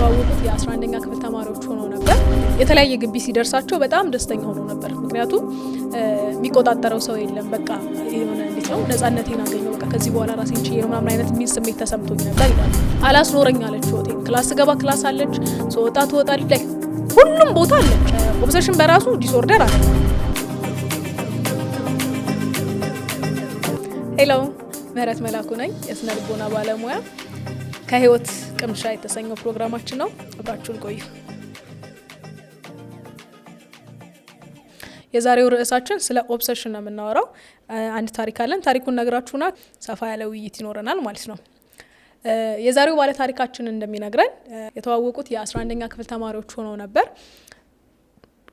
የተዋወቁት የ11ኛ ክፍል ተማሪዎች ሆነው ነበር። የተለያየ ግቢ ሲደርሳቸው በጣም ደስተኛ ሆነው ነበር። ምክንያቱም የሚቆጣጠረው ሰው የለም። በቃ የሆነ እንዴት ነው ነጻነቴን አገኘው፣ በቃ ከዚህ በኋላ ራሴን ችዬ ምናምን አይነት የሚል ስሜት ተሰምቶኝ ነበር ይላል። አላስኖረኝ አለች ወቴ። ክላስ ገባ ክላስ አለች፣ ስወጣ ትወጣል ላይ ሁሉም ቦታ አለች። ኦብሰሽን በራሱ ዲስኦርደር አለ። ሄሎ ምህረት መላኩ ነኝ የስነ ልቦና ባለሙያ ከህይወት ቅምሻ የተሰኘው ፕሮግራማችን ነው። አብራችሁን ቆዩ። የዛሬው ርዕሳችን ስለ ኦብሰሽን ነው የምናወራው። አንድ ታሪክ አለን። ታሪኩን ነግራችሁና ሰፋ ያለ ውይይት ይኖረናል ማለት ነው። የዛሬው ባለ ታሪካችን እንደሚነግረን የተዋወቁት የ11ኛ ክፍል ተማሪዎች ሆነው ነበር።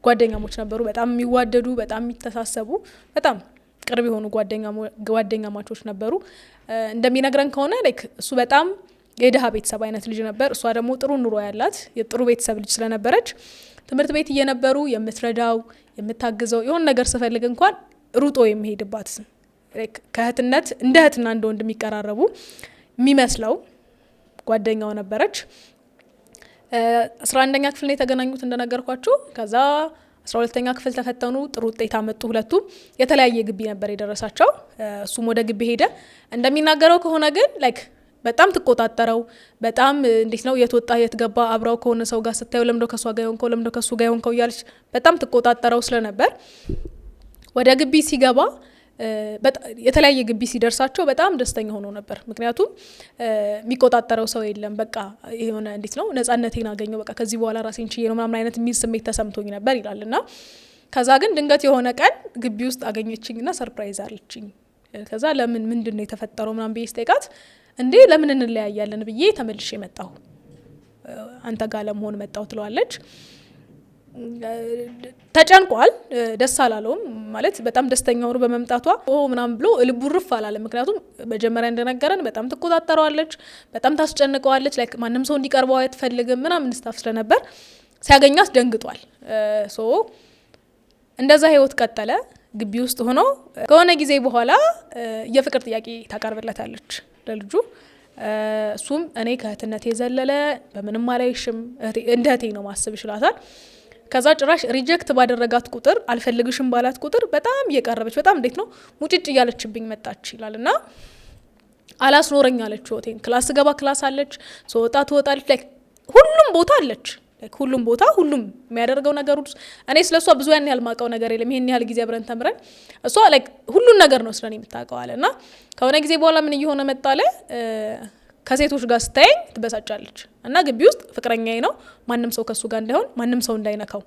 ጓደኛሞች ነበሩ። በጣም የሚዋደዱ፣ በጣም የሚተሳሰቡ፣ በጣም ቅርብ የሆኑ ጓደኛ ማቾች ነበሩ። እንደሚነግረን ከሆነ ላይክ እሱ በጣም የድሃ ቤተሰብ አይነት ልጅ ነበር። እሷ ደግሞ ጥሩ ኑሮ ያላት የጥሩ ቤተሰብ ልጅ ስለነበረች ትምህርት ቤት እየነበሩ የምትረዳው የምታግዘው የሆን ነገር ስፈልግ እንኳን ሩጦ የሚሄድባት ከእህትነት እንደ እህትና እንደ ወንድ የሚቀራረቡ የሚመስለው ጓደኛው ነበረች። አስራ አንደኛ ክፍል ነው የተገናኙት እንደነገርኳችሁ። ከዛ አስራ ሁለተኛ ክፍል ተፈተኑ፣ ጥሩ ውጤት አመጡ። ሁለቱም የተለያየ ግቢ ነበር የደረሳቸው። እሱም ወደ ግቢ ሄደ። እንደሚናገረው ከሆነ ግን ላይክ በጣም ትቆጣጠረው። በጣም እንዴት ነው የትወጣ የትገባ የት ገባ፣ አብራው ከሆነ ሰው ጋር ስታየው ለምደው ከሷ ጋር የሆንከው ለምደው ከሱ ጋር የሆንከው እያለች በጣም ትቆጣጠረው ስለነበር ወደ ግቢ ሲገባ የተለያየ ግቢ ሲደርሳቸው በጣም ደስተኛ ሆኖ ነበር። ምክንያቱም የሚቆጣጠረው ሰው የለም። በቃ የሆነ እንዴት ነው ነጻነቴን አገኘው፣ በቃ ከዚህ በኋላ ራሴን ችዬ ነው ምናምን አይነት የሚል ስሜት ተሰምቶኝ ነበር ይላል እና ከዛ ግን ድንገት የሆነ ቀን ግቢ ውስጥ አገኘችኝና ሰርፕራይዝ አለችኝ። ከዛ ለምን ምንድን ነው የተፈጠረው ምናምን ብዬ ስጠይቃት እንዴ ለምን እንለያያለን ብዬ ተመልሼ መጣሁ፣ አንተ ጋር ለመሆን መጣሁ ትለዋለች። ተጨንቋል። ደስ አላለውም ማለት በጣም ደስተኛ ሆኖ በመምጣቷ ምናም ብሎ ልቡ ርፍ አላለ። ምክንያቱም መጀመሪያ እንደነገረን በጣም ትቆጣጠረዋለች፣ በጣም ታስጨንቀዋለች። ማንም ሰው እንዲቀርበው አትፈልግም ምናምን ስታፍ ስለነበር ሲያገኛ አስደንግጧል ሶ እንደዛ ህይወት ቀጠለ። ግቢ ውስጥ ሆኖ ከሆነ ጊዜ በኋላ የፍቅር ጥያቄ ታቀርብለታለች። ለልጁ እሱም እኔ ከእህትነት የዘለለ በምንም አላይሽም እንደ እህቴ ነው ማስብ ይችላታል። ከዛ ጭራሽ ሪጀክት ባደረጋት ቁጥር አልፈልግሽም ባላት ቁጥር በጣም እየቀረበች በጣም እንዴት ነው ሙጭጭ እያለችብኝ መጣች ይላል እና አላስኖረኝ አለች። ህይወቴን ክላስ ገባ ክላስ አለች፣ ስወጣ ትወጣለች፣ ሁሉም ቦታ አለች። ሁሉም ቦታ ሁሉም የሚያደርገው ነገር እኔ ስለ እሷ ብዙ ያን ያህል ማውቀው ነገር የለም። ይሄን ያህል ጊዜ አብረን ተምረን እሷ ሁሉን ነገር ነው ስለኔ የምታውቀው አለ እና ከሆነ ጊዜ በኋላ ምን እየሆነ መጣለ ከሴቶች ጋር ስታየኝ ትበሳጫለች እና ግቢ ውስጥ ፍቅረኛዬ ነው ማንም ሰው ከሱ ጋር እንዳይሆን ማንም ሰው እንዳይነካው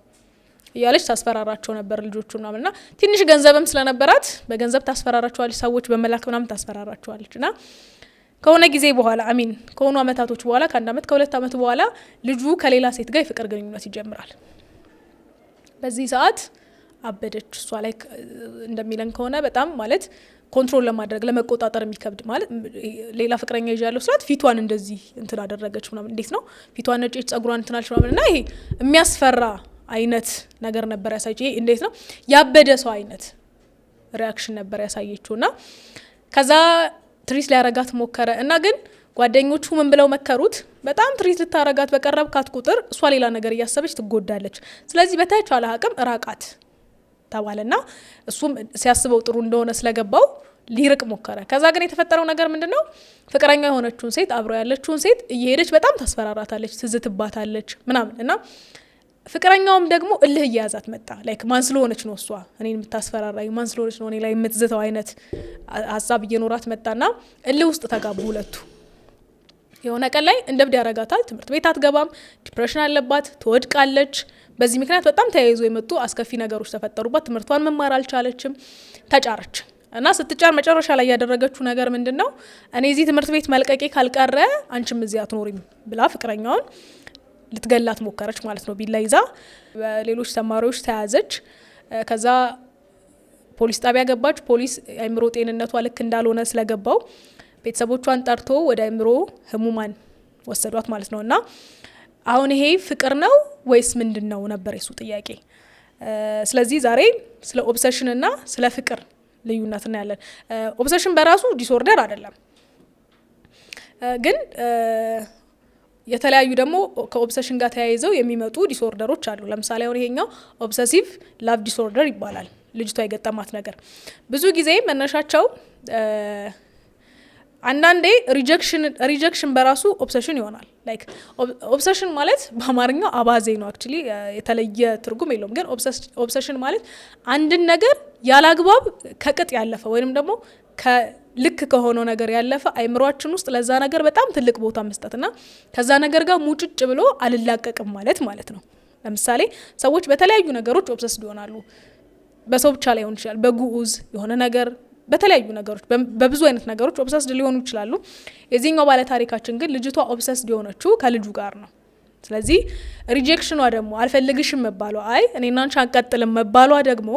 እያለች ታስፈራራቸው ነበር ልጆቹ ምናምን እና ትንሽ ገንዘብም ስለነበራት በገንዘብ ታስፈራራቸዋለች። ሰዎች በመላክ ምናምን ታስፈራራቸዋለች እና ከሆነ ጊዜ በኋላ አሚን ከሆኑ አመታቶች በኋላ ከአንድ አመት ከሁለት አመት በኋላ ልጁ ከሌላ ሴት ጋር የፍቅር ግንኙነት ይጀምራል። በዚህ ሰዓት አበደች። እሷ ላይ እንደሚለን ከሆነ በጣም ማለት ኮንትሮል ለማድረግ ለመቆጣጠር የሚከብድ ማለት ሌላ ፍቅረኛ ይዤ ያለው ስላት ፊቷን እንደዚህ እንትን አደረገች ምናምን፣ እንዴት ነው ፊቷን ነጭ ጸጉሯን እንትናለች ምናምን እና ይሄ የሚያስፈራ አይነት ነገር ነበር ያሳየች። ይሄ እንዴት ነው ያበደ ሰው አይነት ሪያክሽን ነበር ያሳየችው እና ከዛ ትሪት ሊያረጋት ሞከረ እና ግን ጓደኞቹ ምን ብለው መከሩት? በጣም ትሪት ልታረጋት በቀረብካት ቁጥር እሷ ሌላ ነገር እያሰበች ትጎዳለች። ስለዚህ በተቻለ አቅም ራቃት ተባለና እሱም ሲያስበው ጥሩ እንደሆነ ስለገባው ሊርቅ ሞከረ። ከዛ ግን የተፈጠረው ነገር ምንድን ነው? ፍቅረኛ የሆነችውን ሴት አብረው ያለችውን ሴት እየሄደች በጣም ታስፈራራታለች፣ ትዝትባታለች ምናምን እና ፍቅረኛውም ደግሞ እልህ እየያዛት መጣ። ላይክ ማን ስለሆነች ነው እሷ እኔን የምታስፈራራኝ? ማን ስለሆነች ነው እኔ ላይ የምትዝተው? አይነት ሀሳብ እየኖራት መጣና እልህ ውስጥ ተጋቡ ሁለቱ። የሆነ ቀን ላይ እንደ እብድ ያረጋታል። ትምህርት ቤት አትገባም፣ ዲፕሬሽን አለባት፣ ትወድቃለች። በዚህ ምክንያት በጣም ተያይዞ የመጡ አስከፊ ነገሮች ተፈጠሩባት። ትምህርቷን መማር አልቻለችም፣ ተጫረች። እና ስትጫር መጨረሻ ላይ ያደረገችው ነገር ምንድን ነው? እኔ እዚህ ትምህርት ቤት መልቀቄ ካልቀረ አንቺም እዚህ አትኖሪም ብላ ፍቅረኛውን ልትገላት ሞከረች ማለት ነው። ቢላ ይዛ በሌሎች ተማሪዎች ተያዘች። ከዛ ፖሊስ ጣቢያ ገባች። ፖሊስ አእምሮ ጤንነቷ ልክ እንዳልሆነ ስለገባው ቤተሰቦቿን ጠርቶ ወደ አእምሮ ህሙማን ወሰዷት ማለት ነው። እና አሁን ይሄ ፍቅር ነው ወይስ ምንድን ነው ነበር የሱ ጥያቄ። ስለዚህ ዛሬ ስለ ኦብሰሽን እና ስለ ፍቅር ልዩነት እናያለን። ኦብሰሽን በራሱ ዲስኦርደር አይደለም፣ ግን የተለያዩ ደግሞ ከኦብሰሽን ጋር ተያይዘው የሚመጡ ዲስኦርደሮች አሉ። ለምሳሌ አሁን ይሄኛው ኦብሰሲቭ ላቭ ዲስኦርደር ይባላል። ልጅቷ የገጠማት ነገር ብዙ ጊዜ መነሻቸው አንዳንዴ ሪጀክሽን በራሱ ኦብሰሽን ይሆናል። ላይክ ኦብሰሽን ማለት በአማርኛው አባዜ ነው። አክቹሊ የተለየ ትርጉም የለውም። ግን ኦብሰሽን ማለት አንድን ነገር ያለ አግባብ ከቅጥ ያለፈ ወይንም ደግሞ ልክ ከሆነው ነገር ያለፈ አይምሯችን ውስጥ ለዛ ነገር በጣም ትልቅ ቦታ መስጠትና ከዛ ነገር ጋር ሙጭጭ ብሎ አልላቀቅም ማለት ማለት ነው። ለምሳሌ ሰዎች በተለያዩ ነገሮች ኦብሰስድ ይሆናሉ። በሰው ብቻ ላይሆን ይችላል። በጉዑዝ የሆነ ነገር፣ በተለያዩ ነገሮች፣ በብዙ አይነት ነገሮች ኦብሰስድ ሊሆኑ ይችላሉ። የዚህኛው ባለታሪካችን ግን ልጅቷ ኦብሰስድ የሆነችው ከልጁ ጋር ነው። ስለዚህ ሪጀክሽኗ ደግሞ አልፈልግሽም መባሏ፣ አይ እኔና አንቺ አንቀጥልም መባሏ ደግሞ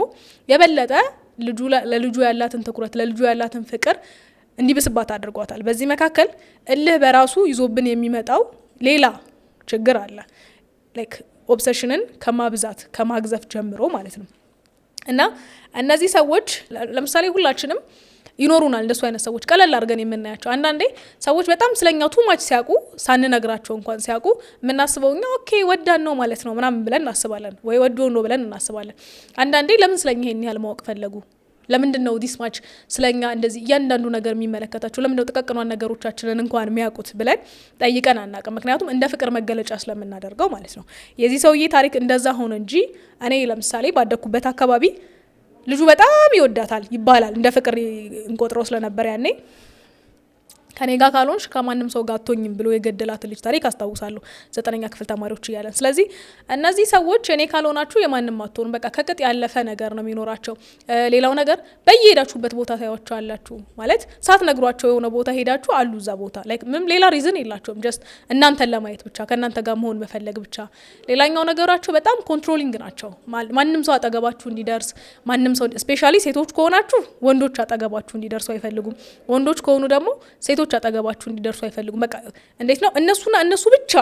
የበለጠ ለልጁ ያላትን ትኩረት፣ ለልጁ ያላትን ፍቅር እንዲብስባት አድርጓታል። በዚህ መካከል እልህ በራሱ ይዞብን የሚመጣው ሌላ ችግር አለ። ላይክ ኦብሰሽንን ከማብዛት ከማግዘፍ ጀምሮ ማለት ነው እና እነዚህ ሰዎች ለምሳሌ ሁላችንም ይኖሩናል። እንደሱ አይነት ሰዎች ቀለል አድርገን የምናያቸው አንዳንዴ ሰዎች በጣም ስለኛው ቱማች ሲያውቁ ሳንነግራቸው እንኳን ሲያውቁ የምናስበው እኛ ኦኬ ወዳን ነው ማለት ነው ምናምን ብለን እናስባለን፣ ወይ ወዶ ነው ብለን እናስባለን። አንዳንዴ ለምን ስለኛ ይሄን ያህል ማወቅ ፈለጉ? ለምንድን ነው ዲስ ማች ስለኛ እንደዚህ እያንዳንዱ ነገር የሚመለከታቸው? ለምንድነው ነው ጥቃቅኗን ነገሮቻችንን እንኳን የሚያውቁት ብለን ጠይቀን አናውቅም። ምክንያቱም እንደ ፍቅር መገለጫ ስለምናደርገው ማለት ነው። የዚህ ሰውዬ ታሪክ እንደዛ ሆነ እንጂ እኔ ለምሳሌ ባደግኩበት አካባቢ ልጁ በጣም ይወዳታል ይባላል። እንደ ፍቅር እንቆጥረው ስለነበር ያኔ ከኔ ጋር ካልሆንሽ ከማንም ሰው ጋር አትሆኝም ብሎ የገደላት ልጅ ታሪክ አስታውሳለሁ፣ ዘጠነኛ ክፍል ተማሪዎች እያለን። ስለዚህ እነዚህ ሰዎች እኔ ካልሆናችሁ የማንም አትሆኑ፣ በቃ ከቅጥ ያለፈ ነገር ነው የሚኖራቸው። ሌላው ነገር በየሄዳችሁበት ቦታ ታያቸው አላችሁ ማለት ሳትነግሯቸው የሆነ ቦታ ሄዳችሁ አሉ እዛ ቦታ ላይ ምንም ሌላ ሪዝን የላቸውም፣ ጀስት እናንተን ለማየት ብቻ ከእናንተ ጋር መሆን መፈለግ ብቻ። ሌላኛው ነገራቸው በጣም ኮንትሮሊንግ ናቸው። ማንም ሰው አጠገባችሁ እንዲደርስ ማንም ሰው ስፔሻሊ ሴቶች ከሆናችሁ ወንዶች አጠገባችሁ እንዲደርሱ አይፈልጉም። ወንዶች ከሆኑ ደግሞ ሴቶች ሴቶች አጠገባችሁ እንዲደርሱ አይፈልጉም። በቃ እንዴት ነው እነሱና እነሱ ብቻ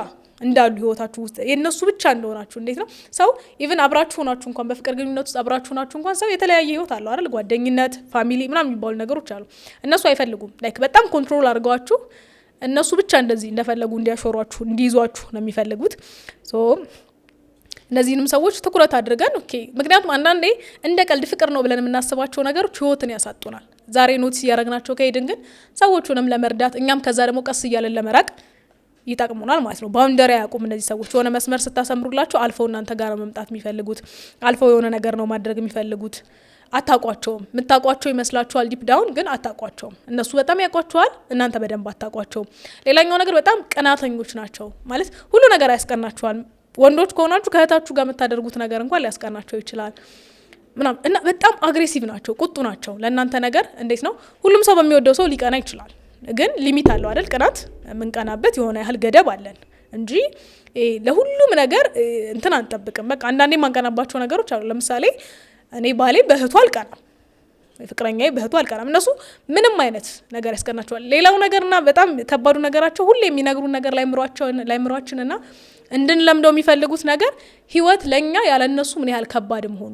እንዳሉ ህይወታችሁ ውስጥ የእነሱ ብቻ እንደሆናችሁ እንዴት ነው ሰው ኢቨን አብራችሁ ሆናችሁ እንኳን በፍቅር ግንኙነት ውስጥ አብራችሁ ሆናችሁ እንኳን ሰው የተለያየ ህይወት አለው አይደል? ጓደኝነት፣ ፋሚሊ ምናምን የሚባሉ ነገሮች አሉ። እነሱ አይፈልጉም። ላይክ በጣም ኮንትሮል አድርገዋችሁ እነሱ ብቻ እንደዚህ እንደፈለጉ እንዲያሾሯችሁ እንዲይዟችሁ ነው የሚፈልጉት። እነዚህንም ሰዎች ትኩረት አድርገን ኦኬ። ምክንያቱም አንዳንዴ እንደ ቀልድ ፍቅር ነው ብለን የምናስባቸው ነገሮች ህይወትን ያሳጡናል። ዛሬ ኖቲስ እያደረግናቸው ከሄድን ግን ሰዎቹንም ለመርዳት እኛም ከዛ ደግሞ ቀስ እያለን ለመራቅ ይጠቅሙናል ማለት ነው። ባውንደሪ አያውቁም እነዚህ ሰዎች። የሆነ መስመር ስታሰምሩላቸው አልፈው እናንተ ጋር መምጣት የሚፈልጉት አልፈው የሆነ ነገር ነው ማድረግ የሚፈልጉት። አታቋቸውም። የምታቋቸው ይመስላችኋል ዲፕ ዳውን ግን አታቋቸውም። እነሱ በጣም ያውቋቸዋል፣ እናንተ በደንብ አታቋቸውም። ሌላኛው ነገር በጣም ቀናተኞች ናቸው። ማለት ሁሉ ነገር አያስቀናቸዋል ወንዶች ከሆናችሁ ከእህታችሁ ጋር የምታደርጉት ነገር እንኳን ሊያስቀናቸው ይችላል። ምናምን እና በጣም አግሬሲቭ ናቸው፣ ቁጡ ናቸው። ለእናንተ ነገር እንዴት ነው? ሁሉም ሰው በሚወደው ሰው ሊቀና ይችላል፣ ግን ሊሚት አለው አይደል? ቅናት የምንቀናበት የሆነ ያህል ገደብ አለን እንጂ ለሁሉም ነገር እንትን አንጠብቅም። በቃ አንዳንዴ የማንቀናባቸው ነገሮች አሉ። ለምሳሌ እኔ ባሌ በእህቱ አልቀናም፣ ፍቅረኛ በእህቱ አልቀናም። እነሱ ምንም አይነት ነገር ያስቀናቸዋል። ሌላው ነገርና በጣም ከባዱ ነገራቸው ሁሌ የሚነግሩን ነገር ላይምሯችንና እንድንለምደው የሚፈልጉት ነገር ህይወት ለእኛ ያለ እነሱ ምን ያህል ከባድ መሆኑ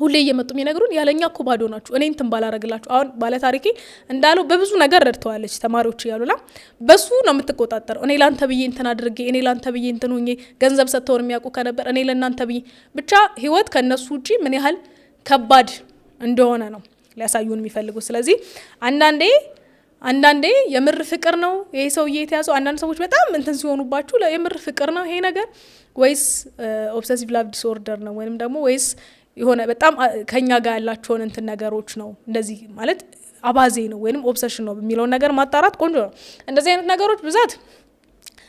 ሁሌ እየመጡ የሚነግሩን ያለኛ እኮ ባዶ ናችሁ፣ እኔ እንትን ባላረግላችሁ። አሁን ባለታሪኬ እንዳለው በብዙ ነገር ረድተዋለች ተማሪዎች እያሉና በሱ ነው የምትቆጣጠረው። እኔ ላንተ ብዬ እንትን አድርጌ፣ እኔ ላንተ ብዬ እንትን ሆኜ፣ ገንዘብ ሰጥተውን የሚያውቁ ከነበር እኔ ለእናንተ ብዬ ብቻ ህይወት ከእነሱ ውጪ ምን ያህል ከባድ እንደሆነ ነው ሊያሳዩን የሚፈልጉ። ስለዚህ አንዳንዴ አንዳንዴ የምር ፍቅር ነው ይሄ ሰውዬ የተያዘው። አንዳንድ ሰዎች በጣም እንትን ሲሆኑባችሁ የምር ፍቅር ነው ይሄ ነገር ወይስ ኦብሰሲቭ ላቭ ዲስኦርደር ነው ወይም ደግሞ ወይስ የሆነ በጣም ከኛ ጋር ያላቸውን እንትን ነገሮች ነው እንደዚህ ማለት አባዜ ነው ወይም ኦብሰሽን ነው የሚለውን ነገር ማጣራት ቆንጆ ነው። እንደዚህ አይነት ነገሮች ብዛት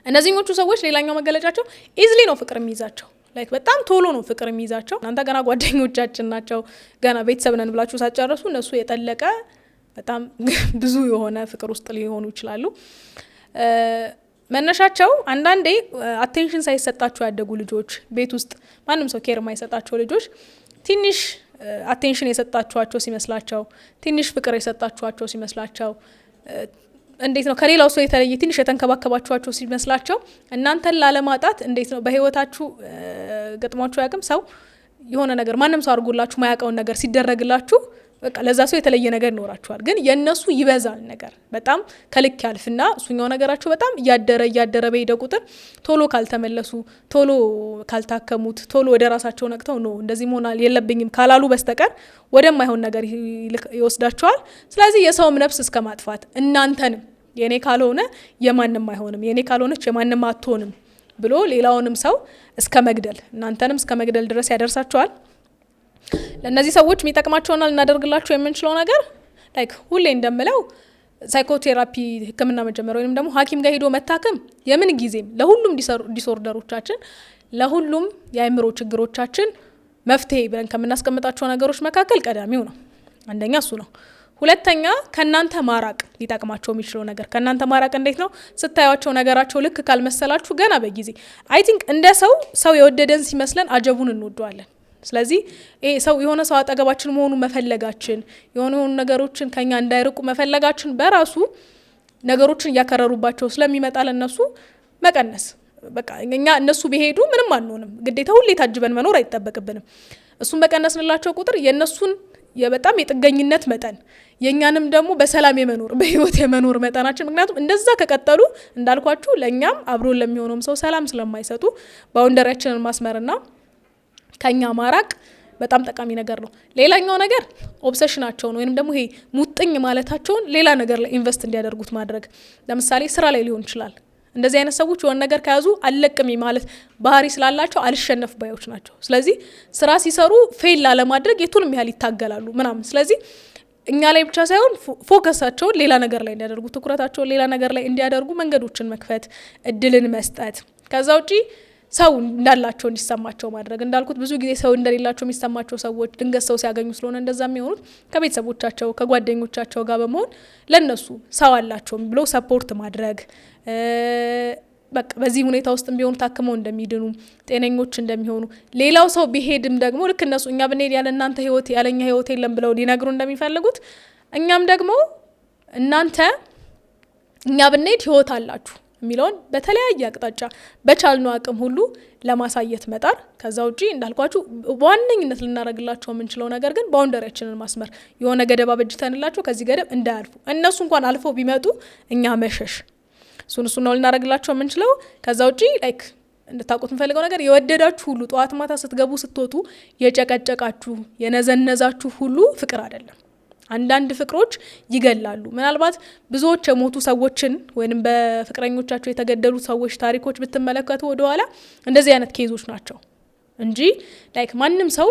እነዚህኞቹ ሰዎች ሌላኛው መገለጫቸው ኢዝሊ ነው ፍቅር የሚይዛቸው ላይክ በጣም ቶሎ ነው ፍቅር የሚይዛቸው። እናንተ ገና ጓደኞቻችን ናቸው ገና ቤተሰብ ነን ብላችሁ ሳትጨርሱ እነሱ የጠለቀ በጣም ብዙ የሆነ ፍቅር ውስጥ ሊሆኑ ይችላሉ። መነሻቸው አንዳንዴ አቴንሽን ሳይሰጣቸው ያደጉ ልጆች፣ ቤት ውስጥ ማንም ሰው ኬር የማይሰጣቸው ልጆች ትንሽ አቴንሽን የሰጣችኋቸው ሲመስላቸው፣ ትንሽ ፍቅር የሰጣችኋቸው ሲመስላቸው እንዴት ነው ከሌላው ሰው የተለየ ትንሽ የተንከባከባችኋቸው ሲመስላቸው እናንተን ላለማጣት እንዴት ነው በህይወታችሁ ገጥሟችሁ ያቅም ሰው የሆነ ነገር ማንም ሰው አድርጎላችሁ ማያውቀውን ነገር ሲደረግላችሁ በቃ ለዛ ሰው የተለየ ነገር ይኖራቸዋል። ግን የእነሱ ይበዛል ነገር በጣም ከልክ ያልፍና እሱኛው ነገራቸው በጣም እያደረ እያደረ በሄደ ቁጥር ቶሎ ካልተመለሱ፣ ቶሎ ካልታከሙት፣ ቶሎ ወደ ራሳቸው ነቅተው ኖ እንደዚህ መሆናል የለብኝም ካላሉ በስተቀር ወደማይሆን ነገር ይወስዳቸዋል። ስለዚህ የሰውም ነፍስ እስከ ማጥፋት እናንተንም የእኔ ካልሆነ የማንም አይሆንም፣ የእኔ ካልሆነች የማንም አትሆንም ብሎ ሌላውንም ሰው እስከ መግደል እናንተንም እስከ መግደል ድረስ ያደርሳቸዋል። ለእነዚህ ሰዎች የሚጠቅማቸውና ልናደርግላቸው የምንችለው ነገር ላይክ ሁሌ እንደምለው ሳይኮቴራፒ ህክምና መጀመር ወይም ደግሞ ሐኪም ጋር ሄዶ መታከም የምን ጊዜም ለሁሉም ዲስኦርደሮቻችን ለሁሉም የአእምሮ ችግሮቻችን መፍትሄ ብለን ከምናስቀምጣቸው ነገሮች መካከል ቀዳሚው ነው። አንደኛ እሱ ነው። ሁለተኛ ከእናንተ ማራቅ ሊጠቅማቸው የሚችለው ነገር ከእናንተ ማራቅ እንዴት ነው? ስታያቸው ነገራቸው ልክ ካልመሰላችሁ ገና በጊዜ አይ ቲንክ እንደ ሰው ሰው የወደደን ሲመስለን አጀቡን እንወደዋለን። ስለዚህ ይሄ ሰው የሆነ ሰው አጠገባችን መሆኑ መፈለጋችን የሆነ የሆኑ ነገሮችን ከኛ እንዳይርቁ መፈለጋችን በራሱ ነገሮችን እያከረሩባቸው ስለሚመጣ ለእነሱ መቀነስ በቃ እኛ እነሱ ቢሄዱ ምንም አንሆንም። ግዴታ ሁሌ ታጅበን መኖር አይጠበቅብንም። እሱን በቀነስንላቸው ቁጥር የእነሱን በጣም የጥገኝነት መጠን የእኛንም ደግሞ በሰላም የመኖር በህይወት የመኖር መጠናችን ምክንያቱም እንደዛ ከቀጠሉ እንዳልኳችሁ ለእኛም አብሮን ለሚሆነውም ሰው ሰላም ስለማይሰጡ ባውንደሪያችንን ማስመርና ከኛ ማራቅ በጣም ጠቃሚ ነገር ነው። ሌላኛው ነገር ኦብሰሽናቸውን ወይም ደግሞ ይሄ ሙጥኝ ማለታቸውን ሌላ ነገር ላይ ኢንቨስት እንዲያደርጉት ማድረግ፣ ለምሳሌ ስራ ላይ ሊሆን ይችላል። እንደዚህ አይነት ሰዎች የሆነ ነገር ከያዙ አልለቅም ማለት ባህሪ ስላላቸው አልሸነፍ ባዮች ናቸው። ስለዚህ ስራ ሲሰሩ ፌል ላለማድረግ የቱንም ያህል ይታገላሉ ምናምን። ስለዚህ እኛ ላይ ብቻ ሳይሆን ፎከሳቸውን ሌላ ነገር ላይ እንዲያደርጉ፣ ትኩረታቸውን ሌላ ነገር ላይ እንዲያደርጉ መንገዶችን መክፈት፣ እድልን መስጠት ከዛ ውጪ ሰው እንዳላቸው እንዲሰማቸው ማድረግ እንዳልኩት ብዙ ጊዜ ሰው እንደሌላቸው የሚሰማቸው ሰዎች ድንገት ሰው ሲያገኙ ስለሆነ እንደዛ የሚሆኑት ከቤተሰቦቻቸው ከጓደኞቻቸው ጋር በመሆን ለነሱ ሰው አላቸውም ብሎ ሰፖርት ማድረግ በቃ በዚህ ሁኔታ ውስጥ ቢሆኑ ታክመው እንደሚድኑ ጤነኞች እንደሚሆኑ ሌላው ሰው ቢሄድም ደግሞ ልክ እነሱ እኛ ብንሄድ ያለ እናንተ ህይወት ያለኛ ህይወት የለም ብለው ሊነግሩ እንደሚፈልጉት እኛም ደግሞ እናንተ እኛ ብንሄድ ህይወት አላችሁ የሚለውን በተለያየ አቅጣጫ በቻልነው አቅም ሁሉ ለማሳየት መጣር። ከዛ ውጪ እንዳልኳችሁ በዋነኝነት ልናደርግላቸው የምንችለው ነገር ግን ባውንደሪያችንን ማስመር፣ የሆነ ገደብ አበጅተንላቸው ከዚህ ገደብ እንዳያልፉ እነሱ እንኳን አልፈው ቢመጡ እኛ መሸሽ፣ እሱን እሱ ነው ልናደርግላቸው የምንችለው። ከዛ ውጪ ላይክ እንድታውቁት የምፈልገው ነገር የወደዳችሁ ሁሉ ጠዋት ማታ ስትገቡ ስትወጡ የጨቀጨቃችሁ የነዘነዛችሁ ሁሉ ፍቅር አይደለም። አንዳንድ ፍቅሮች ይገላሉ። ምናልባት ብዙዎች የሞቱ ሰዎችን ወይም በፍቅረኞቻቸው የተገደሉ ሰዎች ታሪኮች ብትመለከቱ ወደኋላ እንደዚህ አይነት ኬዞች ናቸው እንጂ ላይክ ማንም ሰው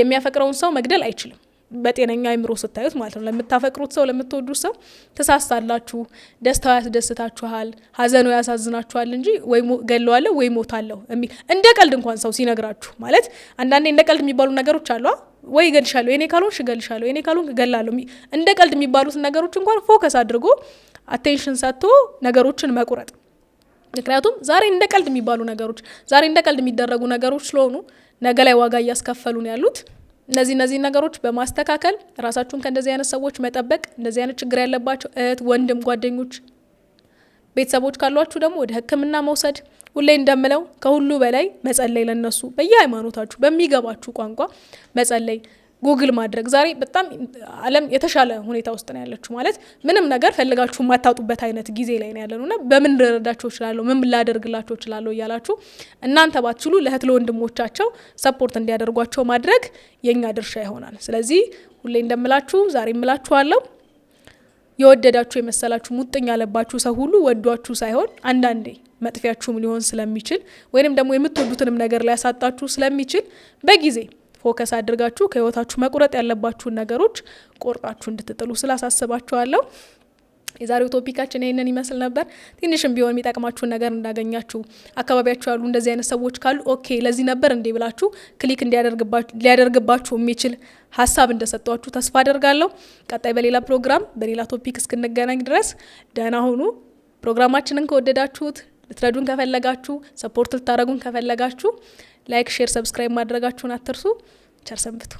የሚያፈቅረውን ሰው መግደል አይችልም። በጤነኛ አይምሮ ስታዩት ማለት ነው። ለምታፈቅሩት ሰው ለምትወዱት ሰው ተሳስታላችሁ፣ ደስታው ያስደስታችኋል፣ ሀዘኑ ያሳዝናችኋል እንጂ ወይ ገለዋለሁ ወይ ሞታለሁ እንደ ቀልድ እንኳን ሰው ሲነግራችሁ ማለት አንዳንዴ እንደ ቀልድ የሚባሉ ነገሮች አሏ ወይ እገልሻለሁ፣ የኔ ካልሆንሽ እገልሻለሁ፣ የኔ ካልሆንክ እገላለሁ፣ እንደ ቀልድ የሚባሉት ነገሮች እንኳን ፎከስ አድርጎ አቴንሽን ሰጥቶ ነገሮችን መቁረጥ። ምክንያቱም ዛሬ እንደ ቀልድ የሚባሉ ነገሮች፣ ዛሬ እንደ ቀልድ የሚደረጉ ነገሮች ስለሆኑ ነገ ላይ ዋጋ እያስከፈሉን ያሉት እነዚህ እነዚህ ነገሮች በማስተካከል ራሳችሁን ከእንደዚህ አይነት ሰዎች መጠበቅ፣ እንደዚህ አይነት ችግር ያለባቸው እህት፣ ወንድም፣ ጓደኞች፣ ቤተሰቦች ካሏችሁ ደግሞ ወደ ሕክምና መውሰድ ሁሌ እንደምለው ከሁሉ በላይ መጸለይ ለነሱ በየሃይማኖታችሁ በሚገባችሁ ቋንቋ መጸለይ ጉግል ማድረግ ዛሬ በጣም ዓለም የተሻለ ሁኔታ ውስጥ ነው ያለችሁ። ማለት ምንም ነገር ፈልጋችሁ የማታጡበት አይነት ጊዜ ላይ ነው ያለነው እና በምን ልረዳቸው እችላለሁ፣ ምን ላደርግላቸው እችላለሁ እያላችሁ እናንተ ባትችሉ ለእህት ለወንድሞቻቸው ሰፖርት እንዲያደርጓቸው ማድረግ የእኛ ድርሻ ይሆናል። ስለዚህ ሁሌ እንደምላችሁ ዛሬ እምላችኋለሁ የወደዳችሁ የመሰላችሁ ሙጥኝ ያለባችሁ ሰው ሁሉ ወዷችሁ ሳይሆን አንዳንዴ መጥፊያችሁም ሊሆን ስለሚችል ወይንም ደግሞ የምትወዱትንም ነገር ሊያሳጣችሁ ስለሚችል በጊዜ ፎከስ አድርጋችሁ ከህይወታችሁ መቁረጥ ያለባችሁን ነገሮች ቆርጣችሁ እንድትጥሉ ስላሳስባችኋለሁ። የዛሬው ቶፒካችን ይህንን ይመስል ነበር። ትንሽም ቢሆን የሚጠቅማችሁን ነገር እንዳገኛችሁ አካባቢያችሁ ያሉ እንደዚህ አይነት ሰዎች ካሉ ኦኬ ለዚህ ነበር እንዴ ብላችሁ ክሊክ ሊያደርግባችሁ የሚችል ሀሳብ እንደሰጧችሁ ተስፋ አደርጋለሁ። ቀጣይ በሌላ ፕሮግራም በሌላ ቶፒክ እስክንገናኝ ድረስ ደህና ሁኑ። ፕሮግራማችንን ከወደዳችሁት ልትረዱን ከፈለጋችሁ ሰፖርት ልታደረጉን ከፈለጋችሁ ላይክ፣ ሼር፣ ሰብስክራይብ ማድረጋችሁን አትርሱ። ቸር ሰንብቱ።